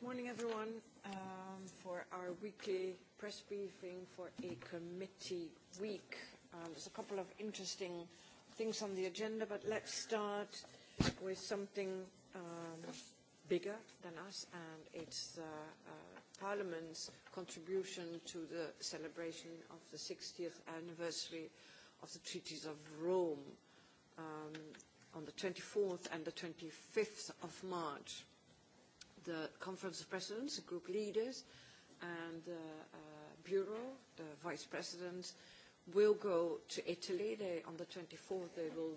Good morning, everyone, um, for our weekly press briefing for a committee week. Um, there's a couple of interesting things on the agenda, but let's start with something um, bigger than us, and it's uh, uh, Parliament's contribution to the celebration of the 60th anniversary of the Treaties of Rome um, on the 24th and the 25th of March the Conference of Presidents, the group leaders, and the uh, uh, Bureau, the Vice Presidents, will go to Italy. They, on the 24th, they will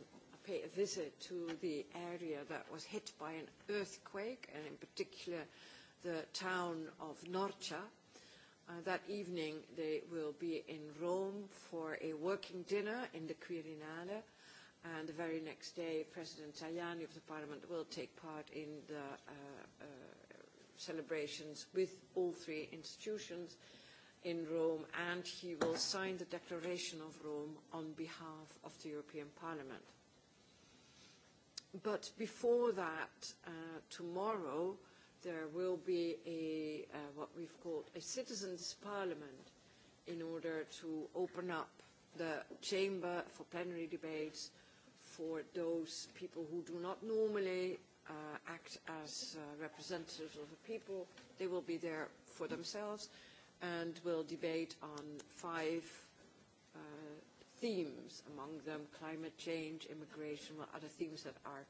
pay a visit to the area that was hit by an earthquake, and in particular the town of Norcia. Uh, that evening, they will be in Rome for a working dinner in the Quirinale and the very next day President Tajani of the Parliament will take part in the uh, uh, celebrations with all three institutions in Rome and he will sign the Declaration of Rome on behalf of the European Parliament. But before that, uh, tomorrow, there will be a, uh, what we've called a citizens' parliament in order to open up the chamber for plenary debates for those people who do not normally uh, act as uh, representatives of the people. They will be there for themselves and will debate on five uh, themes, among them climate change, immigration, other themes that are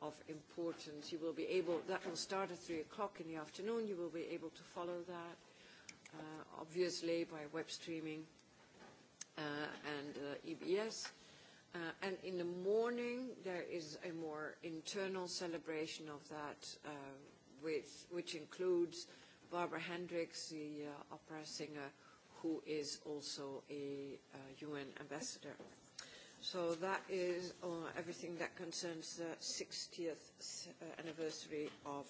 of importance. You will be able, that will start at 3 o'clock in the afternoon. You will be able to follow that, obviously, by web streaming and EBS. Uh, and in the morning, there is a more internal celebration of that, uh, with, which includes Barbara Hendricks, the uh, opera singer, who is also a UN uh, ambassador. So that is uh, everything that concerns the 60th anniversary of,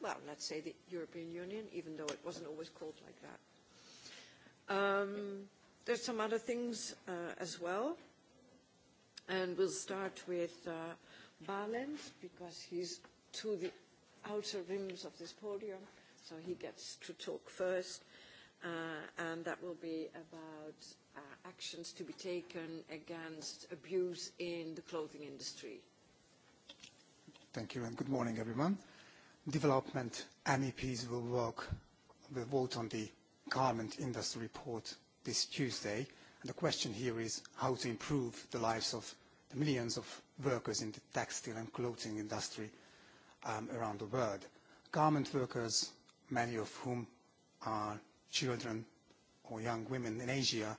well, let's say the European Union, even though it wasn't always called like that. Um, there's some other things as well. And we'll start with uh, Balens because he's to the outer rims of this podium, so he gets to talk first. Uh, and that will be about uh, actions to be taken against abuse in the clothing industry. Thank you and good morning everyone. Development MEPs will work will vote on the garment industry report this Tuesday The question here is how to improve the lives of the millions of workers in the textile and clothing industry um, around the world. Garment workers, many of whom are children or young women in Asia,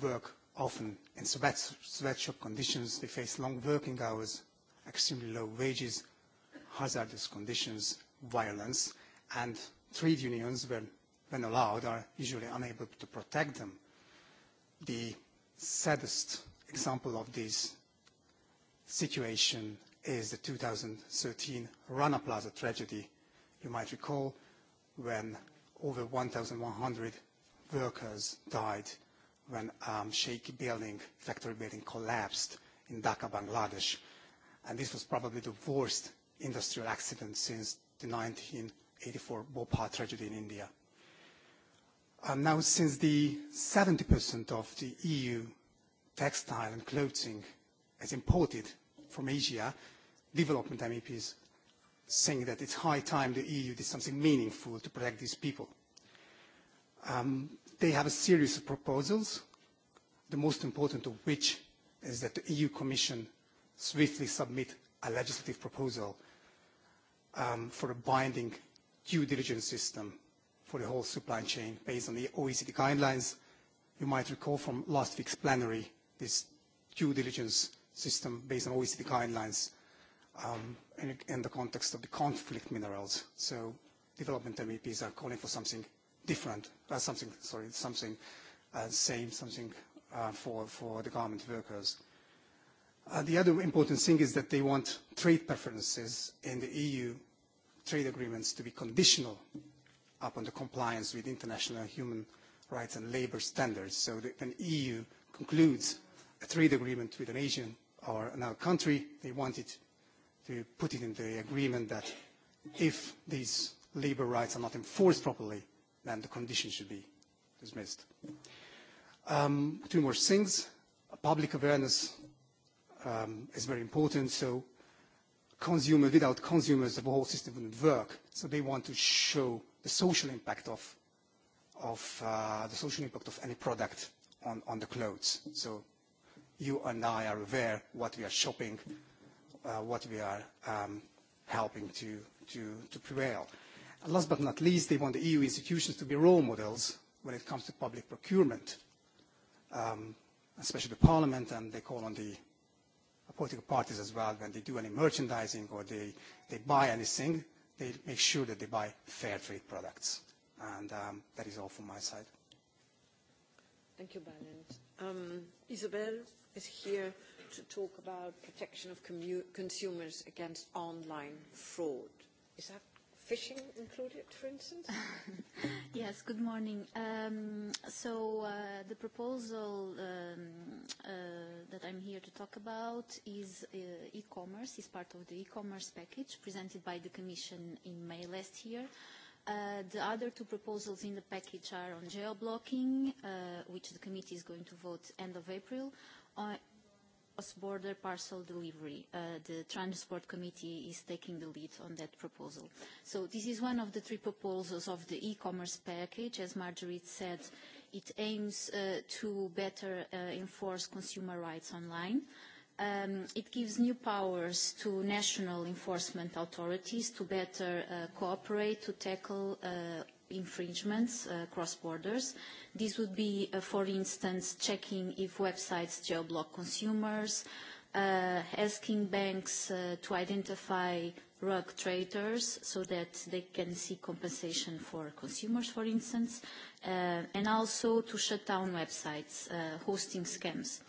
work often in sweat, sweatshop conditions. They face long working hours, extremely low wages, hazardous conditions, violence, and trade unions, when, when allowed, are usually unable to protect them the saddest example of this situation is the 2013 Rana Plaza tragedy. You might recall when over 1,100 workers died when a um, shaky building, factory building collapsed in Dhaka, Bangladesh. And this was probably the worst industrial accident since the 1984 Bhopal tragedy in India now, since the 70% of the EU textile and clothing is imported from Asia, development MEPs saying that it's high time the EU did something meaningful to protect these people. Um, they have a series of proposals, the most important of which is that the EU Commission swiftly submit a legislative proposal um, for a binding due diligence system for the whole supply chain based on the OECD guidelines. You might recall from last week's plenary, this due diligence system based on OECD guidelines um, in, the context of the conflict minerals. So development MEPs are calling for something different, uh, something, sorry, something uh, same, something uh, for, for the garment workers. the other important thing is that they want trade preferences in the EU trade agreements to be conditional upon the compliance with international human rights and labor standards. So the when EU concludes a trade agreement with an Asian or another country, they want it to put it in the agreement that if these labor rights are not enforced properly, then the condition should be dismissed. Um, two more things. Public awareness um, is very important, so consumers, without consumers, the whole system wouldn't work. So they want to show the social impact of, of uh, the social impact of any product on, on the clothes. So you and I are aware what we are shopping, uh, what we are um, helping to, to, to prevail. And last but not least, they want the EU institutions to be role models when it comes to public procurement, um, especially the Parliament, and they call on the political parties as well when they do any merchandising or they, they buy anything they make sure that they buy fair trade products. And um, that is all from my side. Thank you, Balint. Um, Isabel is here to talk about protection of consumers against online fraud. Is that fishing included, for instance? yes, good morning. Um, so uh, the proposal um, uh, that I'm here to talk about is uh, e-commerce, is part of the e-commerce package presented by the Commission in May last year. Uh, the other two proposals in the package are on geo-blocking, uh, which the committee is going to vote end of April, uh, cross-border parcel delivery. Uh, the Transport Committee is taking the lead on that proposal. So this is one of the three proposals of the e-commerce package. As Marjorie said, it aims uh, to better uh, enforce consumer rights online. Um, it gives new powers to national enforcement authorities to better uh, cooperate to tackle uh, infringements uh, cross borders. This would be, uh, for instance, checking if websites geoblock consumers, uh, asking banks uh, to identify rug traders so that they can see compensation for consumers, for instance, and also to shut down websites hosting scams.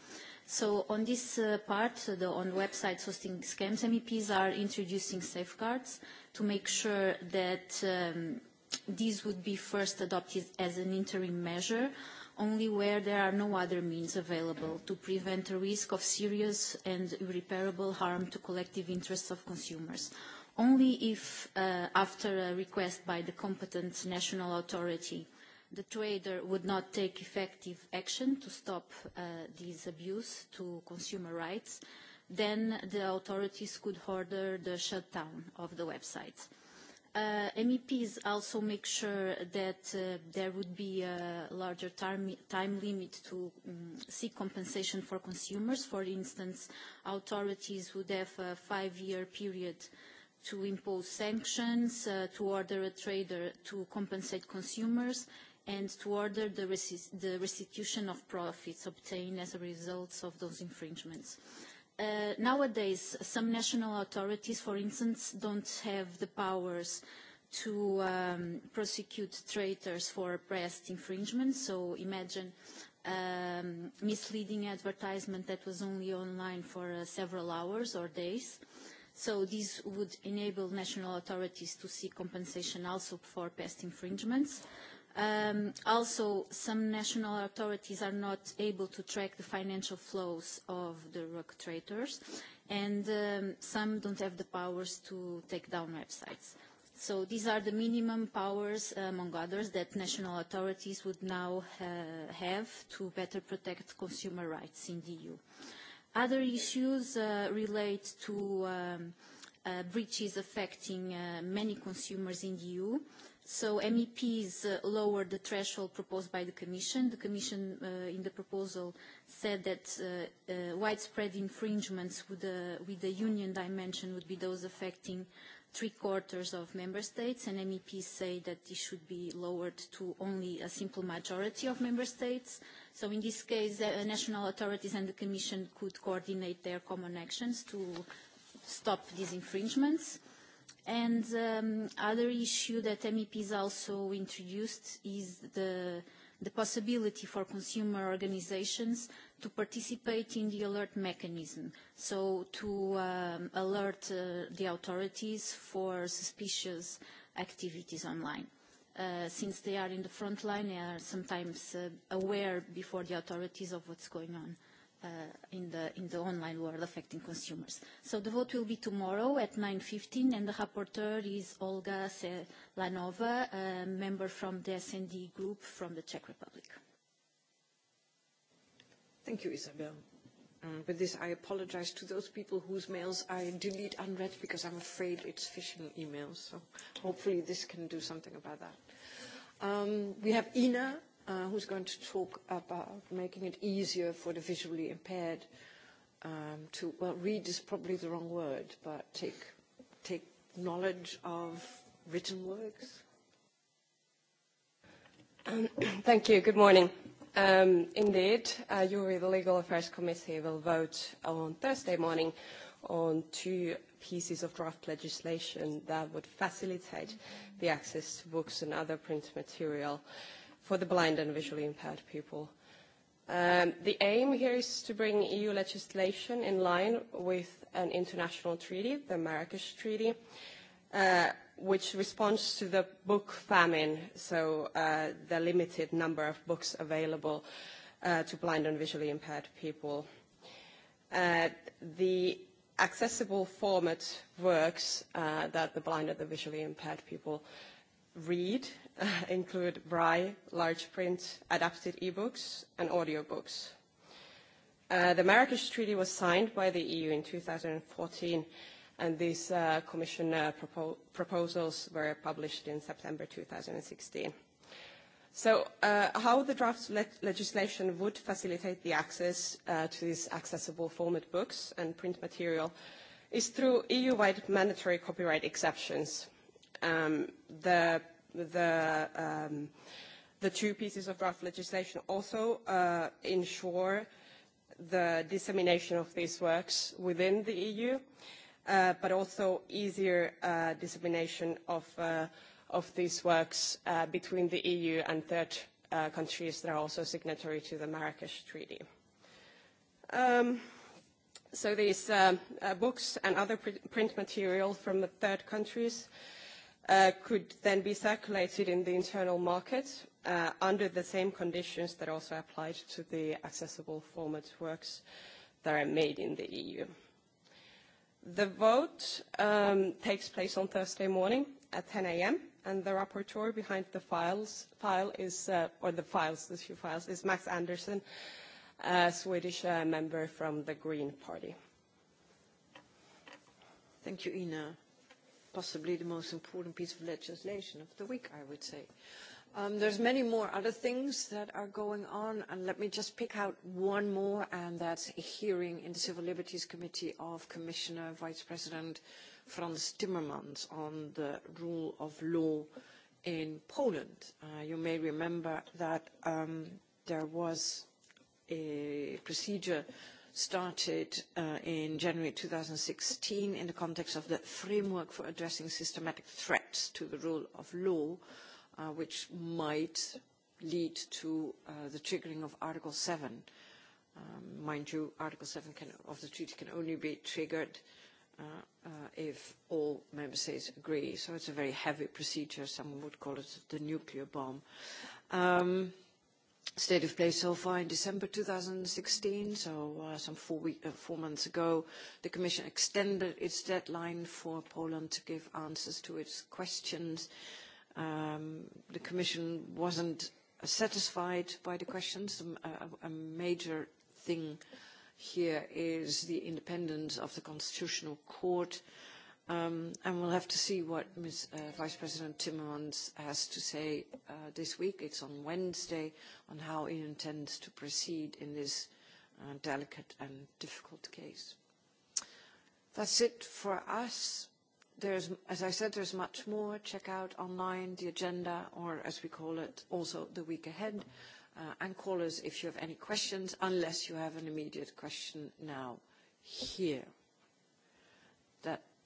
So on this part, the on websites hosting scams, MEPs are introducing safeguards to make sure that um, This would be first adopted as an interim measure only where there are no other means available to prevent the risk of serious and irreparable harm to collective interests of consumers. Only if, uh, after a request by the competent national authority, the trader would not take effective action to stop uh, this abuse to consumer rights, then the authorities could order the shutdown of the website. Uh, MEPs also make sure that uh, there would be a larger time, limit to um, seek compensation for consumers. For instance, authorities would have a five-year period to impose sanctions, uh, to order a trader to compensate consumers, and to order the, restitution of profits obtained as a result of those infringements. Uh, nowadays, some national authorities, for instance, don't have the powers to um, prosecute traitors for press infringement. So imagine um, misleading advertisement that was only online for uh, several hours or days. So this would enable national authorities to seek compensation also for past infringements. Um, also, some national authorities are not able to track the financial flows of the rogue traders, and um, some don't have the powers to take down websites. So these are the minimum powers, among others, that national authorities would now uh, have to better protect consumer rights in the EU. Other issues uh, relate to um, uh, breaches affecting uh, many consumers in the EU So MEPs uh, lowered the threshold proposed by the Commission. The Commission uh, in the proposal said that uh, uh, widespread infringements with the, with the union dimension would be those affecting three quarters of member states, and MEPs say that this should be lowered to only a simple majority of member states. So in this case, the national authorities and the Commission could coordinate their common actions to stop these infringements. And um, other issue that MEPs also introduced is the, the possibility for consumer organizations to participate in the alert mechanism, so to um, alert uh, the authorities for suspicious activities online. Uh, since they are in the front line, they are sometimes uh, aware before the authorities of what's going on uh, in, the, in the online world affecting consumers. So the vote will be tomorrow at 9.15 and the rapporteur is Olga Selanova, a member from the SND group from the Czech Republic. Thank you, Isabel. Um, with this, I apologize to those people whose mails I delete unread because I'm afraid it's phishing emails. So hopefully this can do something about that. Um, we have Ina Uh, who's going to talk about making it easier for the visually impaired um, to, well, read is probably the wrong word, but take, take knowledge of written works. thank you. Good morning. Um, indeed, uh, Yuri, the Legal Affairs Committee, will vote on Thursday morning on two pieces of draft legislation that would facilitate the access to books and other print material for the blind and visually impaired people. Um, the aim here is to bring EU legislation in line with an international treaty, the Marrakesh Treaty, uh, which responds to the book famine, so uh, the limited number of books available uh, to blind and visually impaired people. the accessible format works that the blind and the visually impaired people read uh, include braille, large print, adapted ebooks and audiobooks. Uh, the Marrakesh Treaty was signed by the EU in 2014 and these uh, Commission uh, proposals were published in September 2016. So uh, how the draft legislation would facilitate the access to these accessible format books and print material is through EU-wide mandatory copyright exceptions – um, the, the, um, the two pieces of draft legislation also uh, ensure the dissemination of these works within the EU, uh, but also easier uh, dissemination of, uh, of these works uh, between the EU and third uh, countries that are also signatory to the Marrakesh Treaty. Um, so these uh, uh, books and other pr print material from the third countries Uh, could then be circulated in the internal market uh, under the same conditions that also applied to the accessible format works that are made in the EU. The vote um, takes place on Thursday morning at 10 a.m. and the rapporteur behind the files file is uh, or the files the few files is Max Anderson, a Swedish uh, member from the Green Party. Thank you, Ina possibly the most important piece of legislation of the week, I would say. Um, there's many more other things that are going on, and let me just pick out one more, and that's a hearing in the Civil Liberties Committee of Commissioner Vice President Frans Timmermans on the rule of law in Poland. Uh, you may remember that um, there was a procedure started uh, in January 2016 in the context of the framework for addressing systematic threats to the rule of law, uh, which might lead to uh, the triggering of Article 7. Um, mind you, Article 7 of the treaty can only be triggered uh, if all member states agree. So it's a very heavy procedure. Someone would call it the nuclear bomb. Um, state of play so far in December 2016, so uh, some uh, four, months ago, the Commission extended its deadline for Poland to give answers to its questions. Um, the Commission wasn't uh, satisfied by the questions. A, major thing here is the independence of the Constitutional Court Um, and we'll have to see what Ms. Uh, Vice President Timmermans has to say uh, this week. It's on Wednesday on how he intends to proceed in this uh, delicate and difficult case. That's it for us. There's, as I said, there's much more. Check out online the agenda, or as we call it, also the week ahead. and call us if you have any questions, unless you have an immediate question now here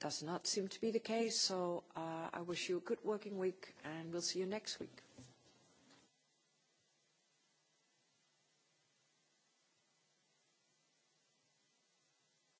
does not seem to be the case, so uh, I wish you a good working week and we'll see you next week.